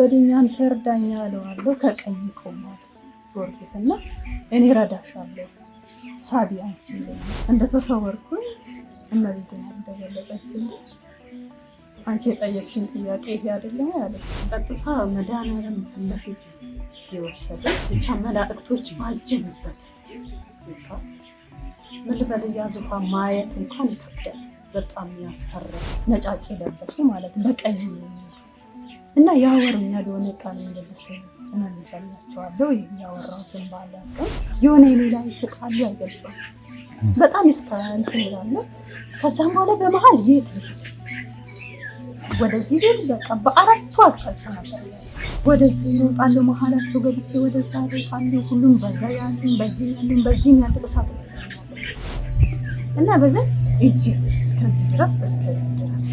ከበደኝ ተርዳኛ እርዳኝ አለዋለሁ። ከቀኝ ቆሟል ጊዮርጊስ እና እኔ ረዳሻለሁ ሳቢ አንቺ እንደተሰወርኩኝ እመቤት እንደገለጸችን አንቺ የጠየቅሽን ጥያቄ ይሄ አይደለም ያለ ቀጥታ መድኃኒዓለም ፊት ለፊት የወሰደ ብቻ መላእክቶች ባጀንበት ምልበል እያዙፋ ማየት እንኳን ይከብዳል። በጣም ያስፈራል። ነጫጭ ለበሱ ማለት በቀኝ እና ያወሩኛል የሆነ ቃል ምልልስ እናንዘላቸዋለሁ ያወራሁትን ባለ ቀን የሆነ የሌላ ይስቃሉ፣ አይገልጽም በጣም ይስቃል ትላለ። ከዛም በኋላ በመሀል የት ልሂድ ወደዚህ ግን በቃ በአራቱ አቅጣጫ ነበር። ወደዚህ ይወጣለሁ፣ መሀላቸው ገብቼ ወደዛ ይወጣለሁ። ሁሉም በዛ ያሉም በዚህ ያሉም በዚህም ያሉ እሳት እና በዛ እጅ እስከዚህ ድረስ እስከዚህ ድረስ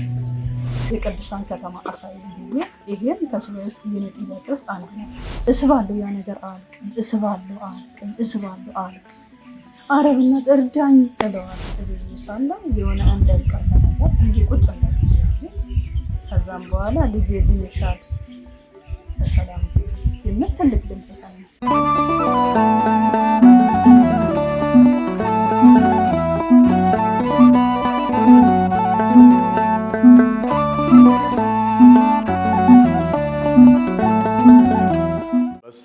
የቅዱሳን ከተማ አሳይ ብዬ ይሄም ከስሎስ የነጥ ጥያቄ ውስጥ አንዱ ነው። እስባለሁ ያ ነገር አልቅም፣ እስባለሁ አልቅም፣ እስባለሁ አልቅም። አረብነት እርዳኝ ብለዋል። ሳለ የሆነ አንድ ቃተ ነገር እንዲህ ቁጭ ነው። ከዛም በኋላ ልጅ ድንሻል በሰላም የምል ትልቅ ድምፅ ሰማ።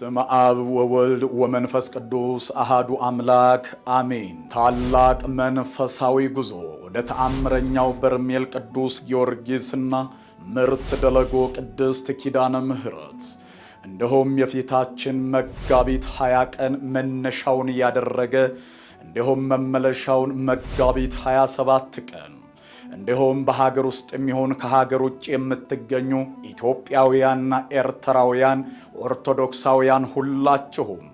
በስም አብ ወወልድ ወመንፈስ ቅዱስ አሃዱ አምላክ አሜን። ታላቅ መንፈሳዊ ጉዞ ወደ ተአምረኛው በርሜል ቅዱስ ጊዮርጊስና ምርት ደለጎ ቅድስት ኪዳነ ምሕረት እንዲሁም የፊታችን መጋቢት 20 ቀን መነሻውን ያደረገ እንዲሁም መመለሻውን መጋቢት 27 ቀን እንዲሁም በሀገር ውስጥ የሚሆን ከሀገር ውጭ የምትገኙ ኢትዮጵያውያንና ኤርትራውያን ኦርቶዶክሳውያን ሁላችሁም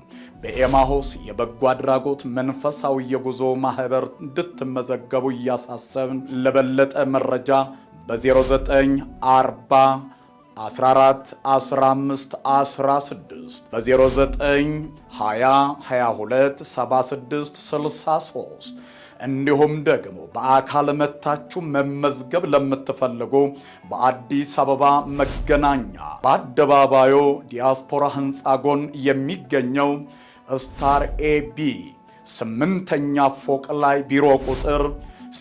በኤማሆስ የበጎ አድራጎት መንፈሳዊ የጉዞ ማህበር እንድትመዘገቡ እያሳሰብን ለበለጠ መረጃ በ0940 14 15 16 በ0920 22 76 63 እንዲሁም ደግሞ በአካል መታችሁ መመዝገብ ለምትፈልጉ በአዲስ አበባ መገናኛ በአደባባዩ ዲያስፖራ ህንፃ ጎን የሚገኘው ስታር ኤቢ ስምንተኛ ፎቅ ላይ ቢሮ ቁጥር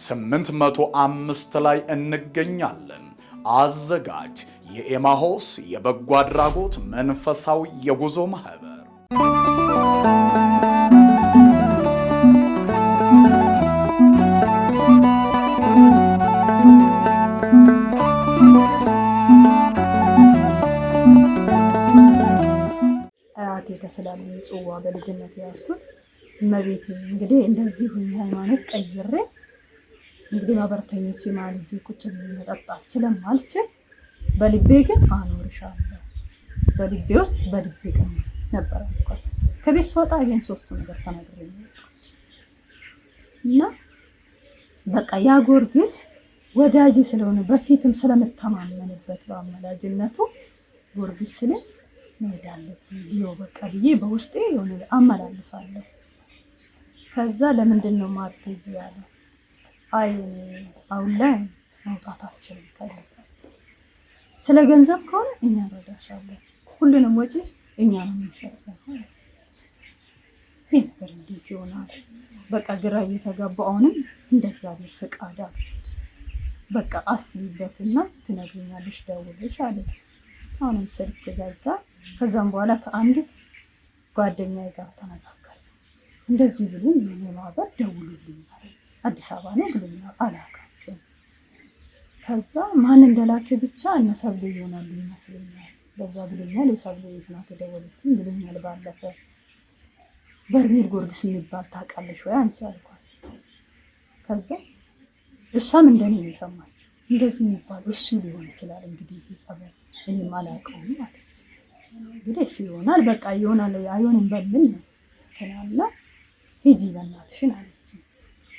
805 ላይ እንገኛለን። አዘጋጅ የኤማሆስ የበጎ አድራጎት መንፈሳዊ የጉዞ ማህበር ቤተክርስቲያን ስላለኝ ጽዋ በልጅነት የያዝኩት እመቤቴ እንግዲህ እንደዚህ ሁኝ ሃይማኖት ቀይሬ እንግዲህ ማበርተኞች ማልጅ ቁጭ መጠጣት ስለማልችል በልቤ ግን አኖርሻለሁ በልቤ ውስጥ በልቤ ግን ነበር አልኳት። ከቤት ስወጣ ይህን ሶስቱ ነገር ተናግሬ እና በቃ ያ ጊዮርጊስ ወዳጅ ስለሆነ በፊትም ስለምተማመንበት በአመላጅነቱ ጎርጊስ ስለ መሄድ አለብኝ ሊዮ በቃ ብዬ በውስጤ የሆነ አመላልሳለሁ። ከዛ ለምንድን ነው ማርቴጅ ያለ አይ አሁን ላይ መውጣታችን ከቤት ስለ ገንዘብ ከሆነ እኛ እንረዳሻለን፣ ሁሉንም ወጪሽ እኛ ነው የምንሸፍነው። ይህ ነገር እንዴት ይሆናል? በቃ ግራ እየተጋባሁ አሁንም እንደ እግዚአብሔር ፈቃድ አሉት። በቃ አስቢበትና ትነግሪኛለሽ ደውለሽ አለ። አሁንም ስልክ ዘጋ። ከዛም በኋላ ከአንዲት ጓደኛ ጋር ተነጋገር እንደዚህ ብሎኝ የኔ ማህበር ደውሎልኛል አዲስ አበባ ነው ብሎኛል። አላካቸው ከዛ ማን እንደላከ ብቻ እነ ሰብሎ ይሆናሉ ይመስለኛል። በዛ ብሎኛል። የሰብሎ የት ናት የደወለችኝ ብሎኛል። ባለፈ በርሜል ጎርግስ የሚባል ታውቃለሽ ወይ አንቺ አልኳት። ከዛ እሷም እንደኔ ነው የሰማችው። እንደዚህ የሚባል እሱ ሊሆን ይችላል እንግዲህ ጸበል እኔም አላውቀውም አለች። እንግዲህ እሺ ይሆናል በቃ ይሆናል አይሆንም በምን ነው ትናና ሂጂ በእናትሽን አለች።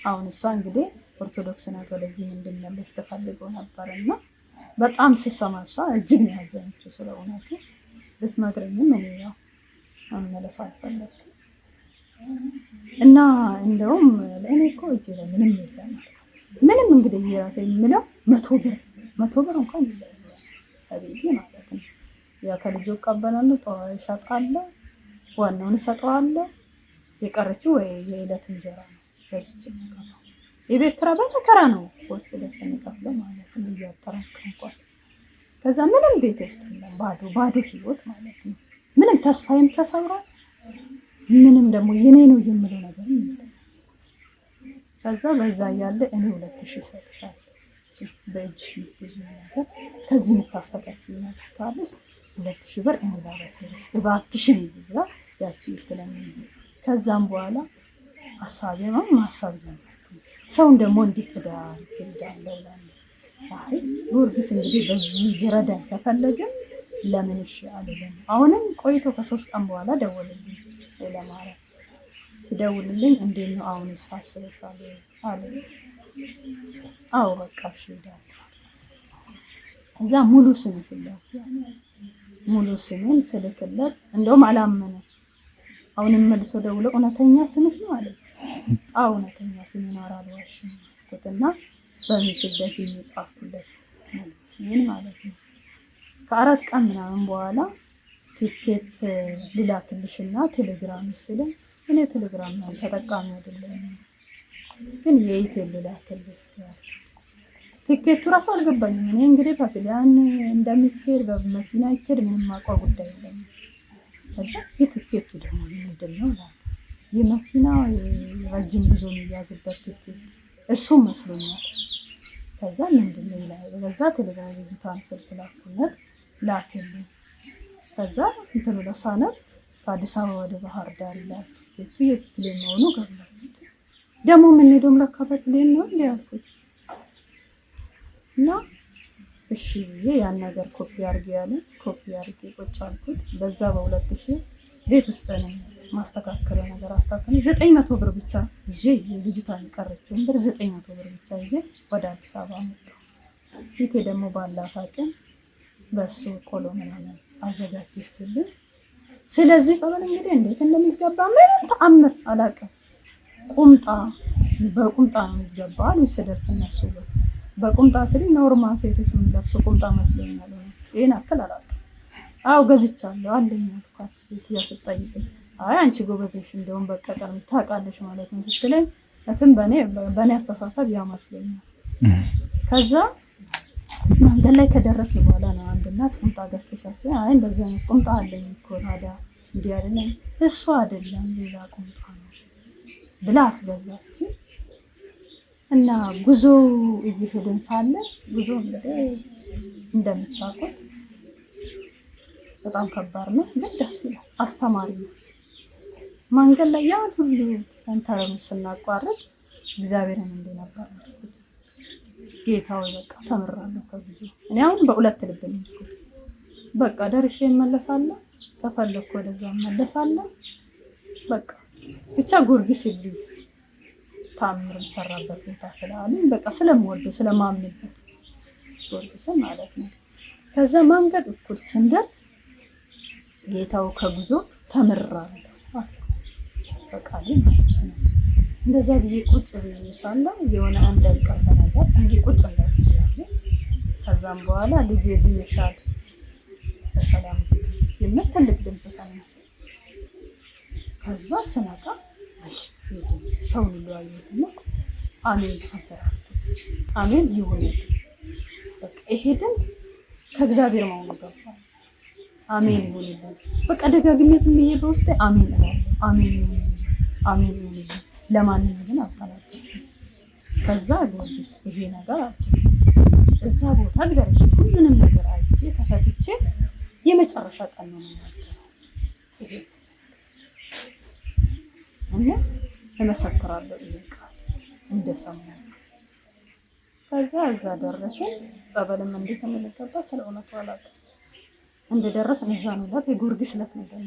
አሁን እሷ እንግዲህ ኦርቶዶክስ ናት ወደዚህ እንድመለስ ተፈልገው ነበር እና በጣም ስሰማ እሷ እጅግ ነው ያዘነችው። ስለ እውነቱ ብትመክረኝም እኔ ያው መመለስ አልፈለግኩም እና እንደውም ለእኔ እኮ እጅ ምንም የለም ምንም እንግዲህ የራሴ የምለው መቶ ብር መቶ ብር እንኳን የለ ቤቴ ማለት ያ ከልጁ እቀበላለሁ፣ እሸጣለሁ፣ ዋናውን እሰጠዋለሁ። የቀረችው ወይ የዕለት እንጀራ ነው። የቤት ኪራይ በመከራ ነው እርስ ደስ የሚከፍለው ማለት ነው። እያጠራቀምኳል ከዛ ምንም ቤት ውስጥ የለም። ባዶ ባዶ ህይወት ማለት ነው። ምንም ተስፋዬም ተሰብሯል። ምንም ደግሞ የኔ ነው የምለው ነገር ከዛ በዛ እያለ እኔ ሁለት ሺህ እሰጥሻለሁ በእጅሽ የምትይዙ ነገር ከዚህ የምታስተካክል ነገር ካለች ሁለት ሺህ ብር እኔ ላበድርሽ እባክሽን እንጂ ብላ ያቺ ትለምኝ። ከዛም በኋላ ሀሳቤ ነው ማሳብ ጀመር። ሰውን ደግሞ እንዴት እዳር ይሄዳለው ላለ አይ ጊዮርጊስ እንግዲህ በዚህ ሊረዳኝ ከፈለገ ለምን እሺ አልልም። አሁንም ቆይቶ ከሶስት ቀን በኋላ ደወልልኝ ለማረ ሲደውልልኝ እንዴት ነው አሁን ሳስበሻል አለ። አዎ በቃ እሺ ሄዳለሁ። እዛ ሙሉ ስምሽ ላ ሙሉ ስሜን ስልክለት እንደውም አላመነም። አሁንም መልሶ ደውሎ እውነተኛ ስምሽ ነው አለ። አዎ እውነተኛ ስሜን አልዋሽም እና በምስለት የሚጻፍኩለት ይህን ማለት ነው። ከአራት ቀን ምናምን በኋላ ቲኬት ልላክልሽና ቴሌግራም ስልም እኔ ቴሌግራም ነው ተጠቃሚ አይደለም፣ ግን የኢቴል ልላክልሽ ትኬቱ ራሱ አልገባኝም። እኔ እንግዲህ ፓፒሊያን እንደሚካሄድ በመኪና ይካሄድ ምንም አቋ ጉዳይ የለኝም። ከዛ የትኬቱ ደግሞ ምንድን ነው ላ የመኪና ረጅም ጉዞ የሚያዝበት ትኬት እሱ መስሎኛል። ከዛ ምንድን ነው ይላል። በዛ ቴሌግራም ልጅቷን ስልክ ላኩነት ላክልኝ። ከዛ እንትን ብሎ ከአዲስ አበባ ወደ ባህር ዳር ይላል ትኬቱ የፕሌን መሆኑ ገባ። ደግሞ የምንሄደውም ለካ በፕሌን ነው እንዲያልኩት እና እሺ ብዬ ያን ነገር ኮፒ አድርጌ ያለ ኮፒ አድርጌ ቁጭ አልኩት። በዛ በሁለት ሺህ ቤት ውስጥ ነው ማስተካከለ ነገር አስተካከለ። ዘጠኝ መቶ ብር ብቻ ይዤ የልጅቷ የቀረችውን ብር ዘጠኝ መቶ ብር ብቻ ይዤ ወደ አዲስ አበባ መጣሁ። ቤቴ ደግሞ ባላት አቅም በሱ ቆሎ ምናምን አዘጋጀችልን። ስለዚህ ጸበል እንግዲህ እንዴት እንደሚገባ ምንም ተአምር አላውቅም። ቁምጣ በቁምጣ ነው የሚገባ አሉ ስደርስ እነሱ በቁምጣ ስሪ ኖርማል ሴቶች የምንለብሰው ቁምጣ መስሎኛል። ይህን አክል አላውቅም። አዎ ገዝቻለሁ አለኝ አልኳት። ሴትዮዋ ስትጠይቀኝ አይ አንቺ ጎበዝሽ እንደውም በቃ ቀርብ ታውቃለች ማለት ነው ስትለኝ እትም በእኔ አስተሳሰብ ያ መስሎኛል። ከዛ መንገድ ላይ ከደረስን በኋላ ነው አንድ እናት ቁምጣ ገዝተሻል? አይ እንደዚህ አይነት ቁምጣ አለኝ እኮ ታዲያ እንዲህ አይደለም እሱ አይደለም ሌላ ቁምጣ ነው ብላ አስገዛችን። እና ጉዞ እየሄድን ሳለ ጉዞ እንግዲህ እንደምታውቁት በጣም ከባድ ነው፣ ግን ደስ ይላል፣ አስተማሪ ነው። መንገድ ላይ ያን ሁሉ ተንተረኑ ስናቋርጥ እግዚአብሔርን እንደነበር ወይ በቃ ተምራለሁ ከጉዞ እኔ አሁን በሁለት ልብ ነው የሄድኩት። በቃ ደርሼ እመለሳለሁ፣ ከፈለኩ ወደዛ እመለሳለሁ። በቃ ብቻ ጎርጊስ ይልኝ ታምር የሚሰራበት ቦታ ስላሉኝ በቃ ስለምወደው ስለማምንበት ጊዮርጊስን ማለት ነው። ከዛ መንገድ እኩል ስንደርስ ጌታው ከጉዞ ተምራለ በቃ ግን ማለት ነው። እንደዛ ብዬ ቁጭ ብዬ ሳለሁ የሆነ አንድ ቀን ነገር እንዲህ ቁጭ እንደ ከዛም በኋላ ልጅ ድንሻል በሰላም የምር ትልቅ ድምፅ ሰማሁ። ከዛ ስነቃ ሰው ሁሉ አየትና አሜን ተንተራኩት። አሜን ይሁን በቃ ይሄ ድምፅ ከእግዚአብሔር መሆኑ ገባል። አሜን ይሁንልን። በቃ ደጋግሜት ብዬ በውስጤ አሜን አሜን ይሁን አሜን ይሁን። ለማንም ግን አልተናገርኩም። ከዛ ጊዮርጊስ ይሄ ነገር አልኩት። እዛ ቦታ ደርሼ ሁሉንም ነገር አይቼ ተፈትቼ የመጨረሻ ቀን ነው የምናገረው። እውነት እመሰክራለሁ ይህን ቃል እዛ ደረስን። ጸበልም እንዴት እንደሚገባ ስለ እውነቱ አላውቅም። እንደደረስን እዛ ነው ዕለት የጊዮርጊስ ዕለት ነበር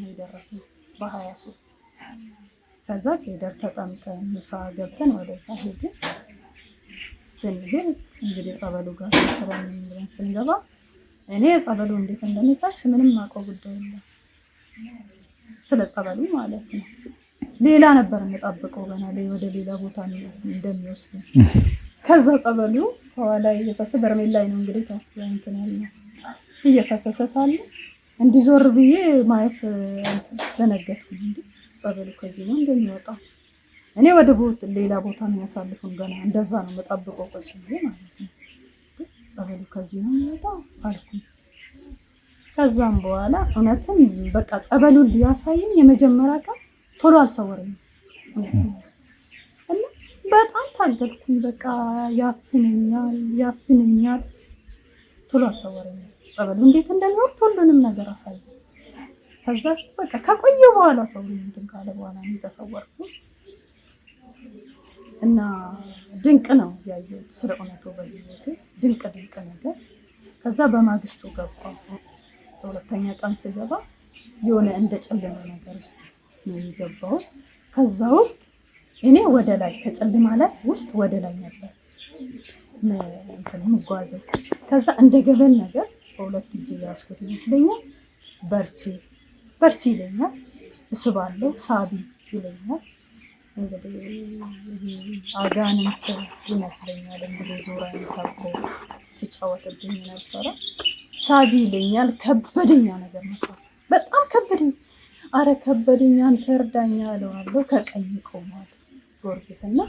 በሀያ ሶስት ከዛ ተጠምቀን ምሳ ገብተን ወደዛ ሄድን። ስንሄድ እንግዲህ ጸበሉ ጋር ስንገባ እኔ ጸበሉ እንዴት እንደሚፈስ ምንም አውቀው ጉዳይ የለም፣ ስለ ጸበሉ ማለት ነው። ሌላ ነበር የምጠብቀው ገና ላይ ወደ ሌላ ቦታ እንደሚወስድ ከዛ ጸበሉ ከኋላ እየፈሰ በርሜል ላይ ነው እንግዲህ ታስበ እንትን ያለ እየፈሰሰ ሳለ እንዲዞር ብዬ ማየት ደነገጥኩኝ። እንዲ ጸበሉ ከዚህ ነው እንደሚወጣ እኔ ወደ ሌላ ቦታ የሚያሳልፉን ገና እንደዛ ነው የምጠብቀው ቁጭ ብዬ ማለት ነው። ጸበሉ ከዚህ ነው የሚወጣ አልኩኝ። ከዛም በኋላ እውነትም በቃ ጸበሉን ሊያሳይም የመጀመሪያ ቀን ቶሎ አልሰወረኝም እና በጣም ታገልኩኝ። በቃ ያፍነኛል ያፍነኛል፣ ቶሎ አልሰወረኝም። ጸበሉ እንዴት እንደሚወርድ ሁሉንም ነገር አሳየ። ከዛ በቃ ከቆየ በኋላ ሰው እንትን ካለ በኋላ የተሰወርኩ እና ድንቅ ነው ያየሁት ስለ እውነቱ በህይወቴ ድንቅ ድንቅ ነገር። ከዛ በማግስቱ ገባ። በሁለተኛ ቀን ስገባ የሆነ እንደ ጨለመ ነገር ውስጥ ነው የገባሁት። ከዛ ውስጥ እኔ ወደ ላይ ከጨለማ ላይ ውስጥ ወደ ላይ ነበር ምጓዘው። ከዛ እንደ ገበን ነገር በሁለት እጅ ያስኩት ይመስለኛል። በርቺ በርቺ ይለኛል፣ እስባለሁ፣ ሳቢ ይለኛል። እንግዲህ አጋንንት ይመስለኛል እንግዲህ ዙራ ታቆ ሲጫወትብኝ ነበረ። ሳቢ ይለኛል። ከበደኛ ነገር መሳብ በጣም ከበደኛ አረ ከበደኝ አንተ እርዳኝ አለዋለሁ። ከቀኝ ቆሟል ጊዮርጊስ እና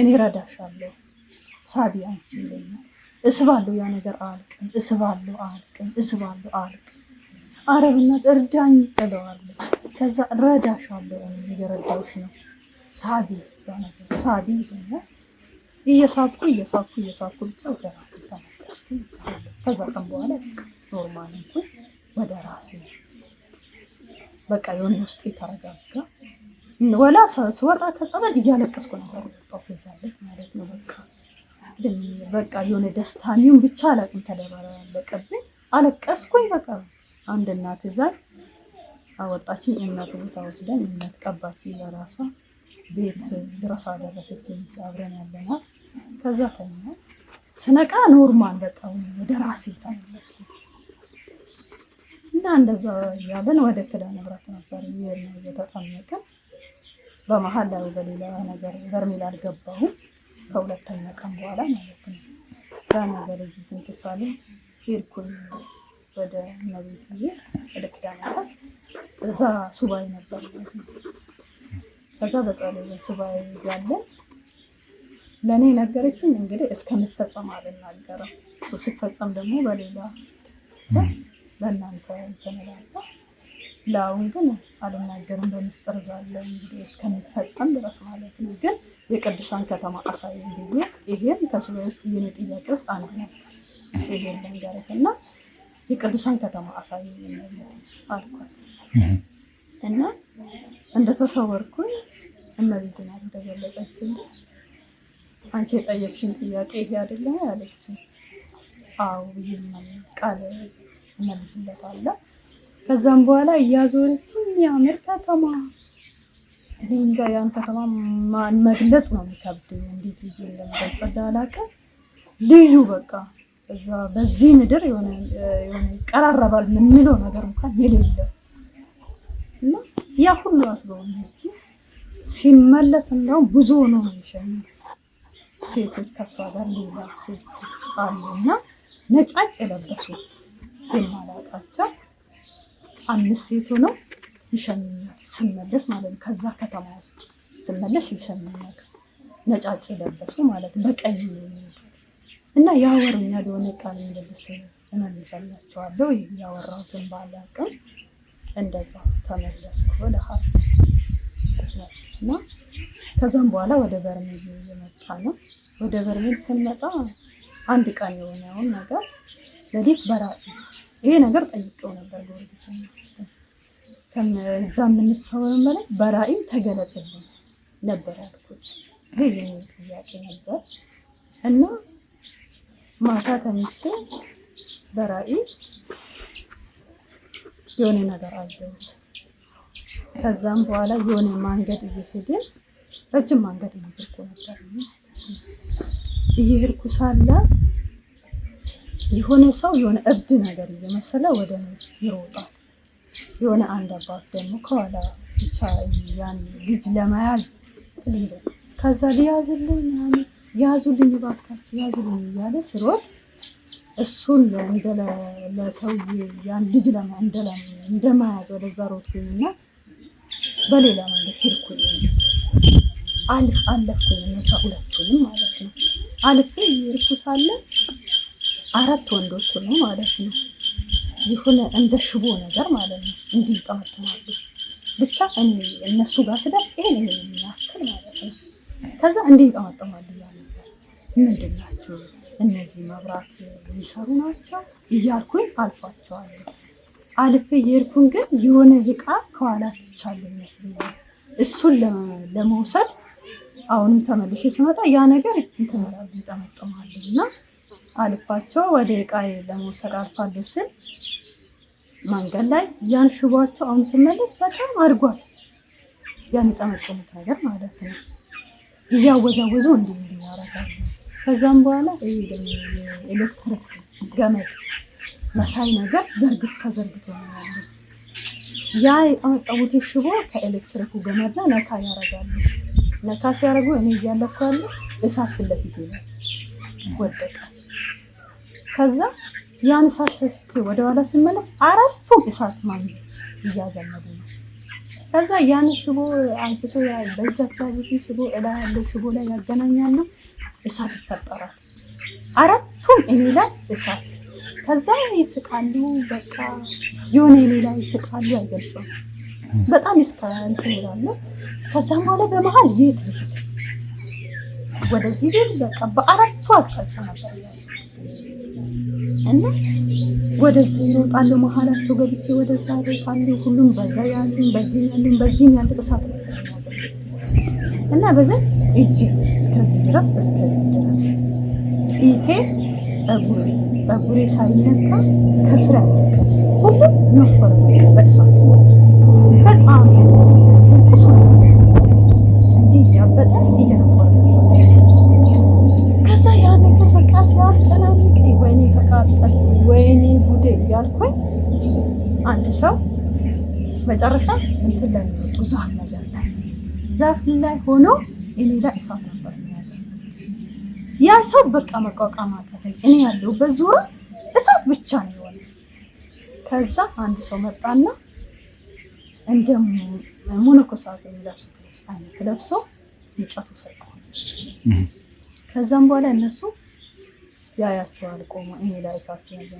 እኔ ረዳሻለሁ ሳቢ አንቺ ይለኛል። እስባለሁ ያ ነገር አልቅም፣ እስባለሁ አልቅም፣ እስባለሁ አልቅም። አረ እርዳኝ እለዋለሁ። ከዛ ረዳሻለሁ እየረዳሁሽ ነው ሳቢ ነገር ሳቢ ይለኛል። እየሳብኩ እየሳብኩ እየሳብኩ ብቻ ወደ ራሴ ተመለስኩ። ከዛ ቀን በኋላ ኖርማል ወደ ራሴ በቃ የሆነ ውስጥ የተረጋጋ ወላ ስወጣ ከጸበል እያለቀስኩ ነበር ወጣሁት እዛ ዕለት ማለት ነው። በቃ በቃ የሆነ ደስታ ሚሆን ብቻ አላቅም ተደባለቀብኝ፣ አለቀስኩኝ። በቃ አንድ እናት እዛ አወጣችኝ። እናት ቦታ ወስደን እናት ቀባችኝ ለራሷ ቤት ድረስ አደረሰችኝ። አብረን ያለናል። ከዛ ተኛ ስነቃ ኖርማል በቃ ወደ ራሴ ተመለስኩ። እና እንደዛ እያለን ወደ ክዳ ንብረት ነበር ይሄን እየተጠመቅን በመሀል ላይ በሌላ ነገር በርሜል አልገባሁም። ከሁለተኛ ቀን በኋላ ማለት ነው ያ ነገር እዚህ ስንት ሳሉ ሄድኩኝ ወደ እመቤት ይሄ ወደ ኪዳነ ምሕረት እዛ ሱባኤ ነበር ማለት ነው። ከዛ በጸሎት ሱባኤ ያለን ለእኔ ነገረችን እንግዲህ እስከምፈጸም አልናገርም እሱ ሲፈጸም ደግሞ በሌላ በእናንተ እንትን እላለሁ። ለአሁን ግን አልናገርም፣ በምስጢር ዛለ እንግዲህ እስከሚፈጸም ድረስ ማለት ነው። ግን የቅዱሳን ከተማ አሳይ ብዬ ይሄም ከስሎ ጥያቄ ውስጥ አንዱ ነው። ይሄን ልንገርህ እና የቅዱሳን ከተማ አሳይ የሚነት አልኳት እና እንደተሰወርኩኝ እመቤትን አልተገለጠችም። አንቺ የጠየቅሽን ጥያቄ ይሄ አይደለም ያለችኝ። አዎ ይህ ቃል እመልስለታለሁ። ከዛም በኋላ እያዞረች የሚያምር ከተማ እኔ እንጃ ያን ከተማ ማን መግለጽ ነው የሚከብደኝ። እንዴት ብዬ እንደምገልጽ አላውቅም። ልዩ በቃ እዛ በዚህ ምድር የሆነ ይቀራረባል የምንለው ነገር እንኳን የሌለ እና ያ ሁሉ አስበውነች ሲመለስ እንደውም ብዙ ሆኖ ነው የሚሸኘው። ሴቶች ከሷ ጋር ሌላ ሴቶች አሉ እና ነጫጭ የለበሱ የማላውቃቸው አምስት ሴት ሆነው ይሸኙኛል። ስመለስ ማለት ነው ከዛ ከተማ ውስጥ ስመለስ ይሸኙኛል። ነጫጭ የለበሱ ማለት ነው። በቀኝ የሚሄዱት እና ያወሩኛል። የሆነ ቃል እንደልስ እመልሰላቸዋለሁ። ያወራሁትን ባላቅም እንደዛ ተመለስኩ ብለሃል እና ከዛም በኋላ ወደ በርሜል እየመጣ ነው። ወደ በርሜል ስንመጣ አንድ ቀን የሆነውን ነገር ለዴት በራሱ ይሄ ነገር ጠይቀው ነበር። ጊዮርጊስ ከዛ የምንሰው በላይ በራእይ ተገለጸልኝ ነበር ያልኩት። ይሄ ጥያቄ ነበር እና ማታ ተኝቼ በራእይ የሆነ ነገር አየሁት። ከዛም በኋላ የሆነ መንገድ እየሄድን ረጅም መንገድ እየሄድኩ ነበር እየሄድኩ ሳለ የሆነ ሰው የሆነ እብድ ነገር እየመሰለ ወደ እኔ ይሮጣል። የሆነ አንድ አባት ደግሞ ከኋላ ብቻ ያን ልጅ ለመያዝ ሊለ ከዛ ሊያዝልኝ ምናምን ያዙልኝ እባካችሁ ያዙልኝ እያለ ስሮጥ እሱን ለሰውዬ ያን ልጅ እንደመያዝ ወደዛ ሮጥኩኝና በሌላ መንገድ ሄድኩኝ። አልፍ አለፍኩኝ እነዛ ሁለቱንም ማለት ነው አልፌ ይርኩሳለን አራት ወንዶች ነው ማለት ነው የሆነ እንደ ሽቦ ነገር ማለት ነው እንዲህ እንዲንጠመጥማሉ። ብቻ እኔ እነሱ ጋር ስደርስ ይሄን ይሄን የሚያክል ማለት ነው። ከዛ እንዲህ እንዲንጠመጥማሉ ያ ነገር ምንድን ናቸው እነዚህ መብራት የሚሰሩ ናቸው እያልኩኝ አልፏቸዋለሁ። አልፌ የሄድኩን ግን የሆነ እቃ ከኋላ ትቻለ ይመስለኛል። እሱን ለመውሰድ አሁንም ተመልሼ ስመጣ ያ ነገር ይጠመጥማሉ እና አልፋቸው ወደ እቃዬ ለመውሰድ አልፋለሁ ስል መንገድ ላይ ያን ሽቧቸው አሁን ስመለስ በጣም አድጓል። ያንጠመጠሙት ነገር ማለት ነው። እያወዛወዙ እንዲህ እንዲህ ያደርጋሉ። ከዛም በኋላ ኤሌክትሪክ ገመድ መሳይ ነገር ዘርግት ተዘርግቶ ያለ። ያ የጠመጠሙት ሽቦ ከኤሌክትሪኩ ገመድ ላይ ነካ ያደርጋሉ። ነካ ሲያደርጉ እኔ እያለኩ ያለ እሳት ፊት ለፊት ይላል ወደቀ። ከዛ ያን እሳት ሸሽቼ ወደኋላ ስመለስ አራቱም እሳት ማንዝ እያዘመዱ ነው። ከዛ ያን ሽቦ አንስቶ በእጃቸው ያሉትን ሽቦ እላ ያለው ሽቦ ላይ ያገናኛሉ። እሳት ይፈጠራል። አራቱም እኔ ላይ እሳት። ከዛ ይስቃሉ። በቃ የሆነ እኔ ላይ ይስቃሉ። አይገልጽም። በጣም ይስቃል ይላሉ። ከዛ በኋላ በመሀል የት ልሂድ ወደዚህ በቃ በአራቱ አቅጣጫ ነበር እና ወደዛ ይሮጣለሁ፣ መሀላቸው ገብቼ ወደዛ ይሮጣለሁ። ሁሉም በዛ ያሉን በዚህም ያሉን በዚህም ያሉ እሳት እና በዛ እጅ እስከዚህ ድረስ እስከዚህ ድረስ ፊቴ፣ ጸጉሬ ጸጉሬ ሳይነካ ከስራ ሁሉም ነፈረ በእሳት በጣም ያበጠ እየነፈረ ተቃጠል ወይኔ ጉዴ እያልኩኝ አንድ ሰው መጨረሻ እንትን ላይ ወጡ ዛፍ ነገር ላይ ዛፍ ላይ ሆኖ እኔ ላይ እሳት ነበር የሚያዘ ያ ሰው በቃ መቋቋም አቃተኝ። እኔ ያለው ዙሪያ እሳት ብቻ ነው የሆነ። ከዛ አንድ ሰው መጣና እንደ መነኮሳት የሚለብሱት ልብስ አይነት ለብሶ እንጨቱ ሰቀ። ከዛም በኋላ እነሱ ያያቸዋል ቆሞ እኔ ላይ ሳስነበ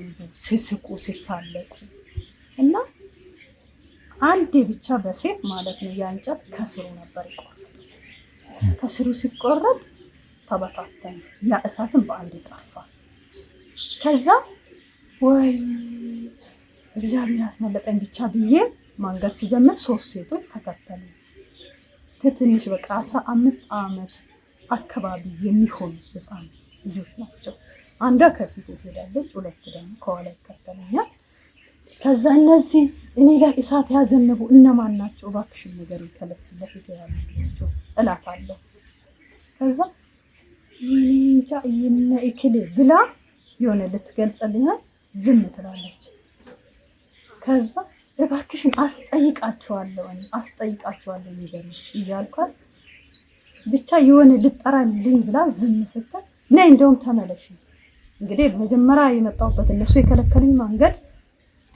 ሲስቁ ሲሳለቁ እና አንዴ ብቻ በሴፍ ማለት ነው ያንጨት ከስሩ ነበር ይቆረጥ ከስሩ ሲቆረጥ ተበታተን ያ እሳትን በአንድ ጠፋ። ከዛ ወይ እግዚአብሔር አስመለጠን ብቻ ብዬ ማንገድ ሲጀምር ሶስት ሴቶች ተከተሉ። ትንሽ በቃ አስራ አምስት አመት አካባቢ የሚሆኑ ህፃን ልጆች ናቸው። አንዷ ከፊት ትሄዳለች፣ ሁለት ደግሞ ከኋላ ይከተለኛል። ከዛ እነዚህ እኔ ጋር እሳት ያዘንቡ እነማን ናቸው? እባክሽን ነገር ከለፍ ለፊት ያለችው እላታለሁ። ከዛ ይህኔ እንጃ ይህነ እክሌ ብላ የሆነ ልትገልጸልኛል፣ ዝም ትላለች። ከዛ እባክሽን አስጠይቃቸዋለሁ እኔ አስጠይቃቸዋለሁ ነገር እያልኳል ብቻ የሆነ ልጠራልኝ ብላ ዝም ስትል ነይ እንደውም ተመለሽ እንግዲህ መጀመሪያ የመጣሁበት እነሱ የከለከሉኝ መንገድ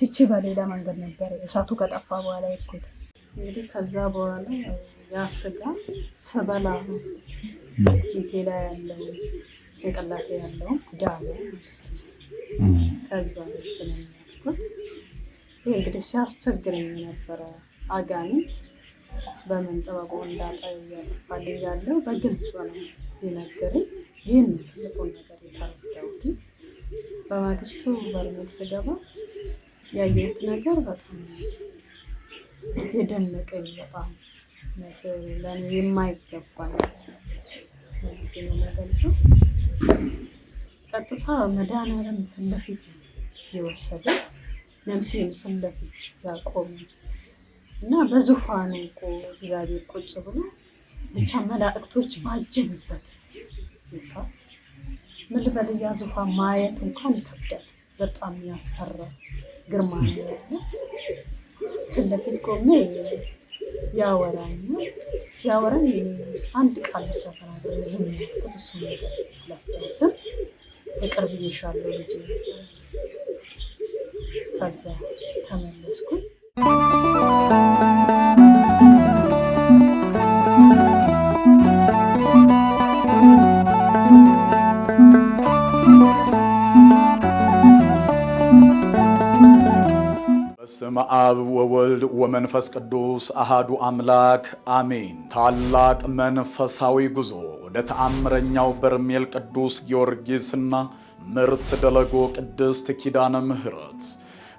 ትቼ በሌላ መንገድ ነበር። እሳቱ ከጠፋ በኋላ የሄድኩት እንግዲህ ከዛ በኋላ ያ ስጋ ስበላ ፊቴ ላይ ያለው ጭንቅላት ያለው ዳለ። ከዛ ያልኩት ይህ እንግዲህ ሲያስቸግረኝ የነበረ አጋንንት በመንጠባቆ እንዳጠ እያጠፋልኝ ያለው በግልጽ ነው ይነግርኝ ይህን ትልቁ ነገር ታርያውት በማግስቱ በርሜል ስገባ ያየሁት ነገር በጣም የደነቀኝ በጣም ለእኔ የማይገባኝ ቀጥታ መድኃኒዓለም ፊት ለፊት የወሰደ ነፍሴን ፊት ለፊት ያቆመ እና በዙፋኑ እኮ እግዚአብሔር ቁጭ ብሎ ብቻ መላእክቶች ይባል ምን ልበል እያ ዙፋን ማየት እንኳን ይከብዳል። በጣም ያስፈራ ግርማ ነው ቆሜ ያወራኝ ሲያወራኝ አንድ ቃል ብቻ ተናገረ። ዝም ያልኩት እሱ ነገር ላስታውስም የቅርብ እየሻለው ልጅ ከዛ ተመለስኩኝ። በስመ አብ ወወልድ ወመንፈስ ቅዱስ አሃዱ አምላክ አሜን። ታላቅ መንፈሳዊ ጉዞ ወደ ተአምረኛው በርሜል ቅዱስ ጊዮርጊስና ምርት ደለጎ ቅድስት ኪዳነ ምሕረት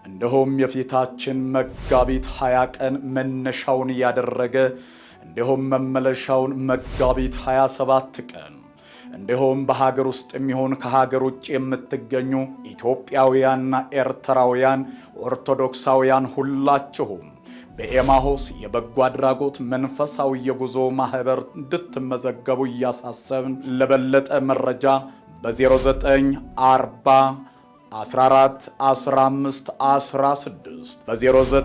እንዲሁም የፊታችን መጋቢት 20 ቀን መነሻውን ያደረገ እንዲሁም መመለሻውን መጋቢት 27 ቀን እንዲሁም በሀገር ውስጥ የሚሆን ከሀገር ውጭ የምትገኙ ኢትዮጵያውያንና ኤርትራውያን ኦርቶዶክሳውያን ሁላችሁም በኤማሆስ የበጎ አድራጎት መንፈሳዊ የጉዞ ማህበር እንድትመዘገቡ እያሳሰብን ለበለጠ መረጃ በ0940 14 15 16 በ09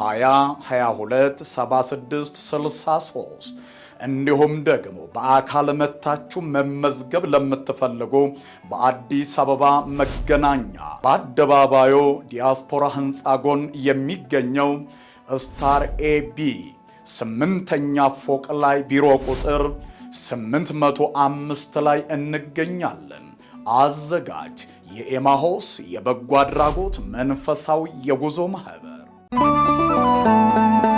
20 22 76 63 እንዲሁም ደግሞ በአካል መታችሁ መመዝገብ ለምትፈልጉ በአዲስ አበባ መገናኛ በአደባባዩ ዲያስፖራ ህንፃ ጎን የሚገኘው ስታር ኤቢ ስምንተኛ ፎቅ ላይ ቢሮ ቁጥር 805 ላይ እንገኛለን። አዘጋጅ የኤማሆስ የበጎ አድራጎት መንፈሳዊ የጉዞ ማህበር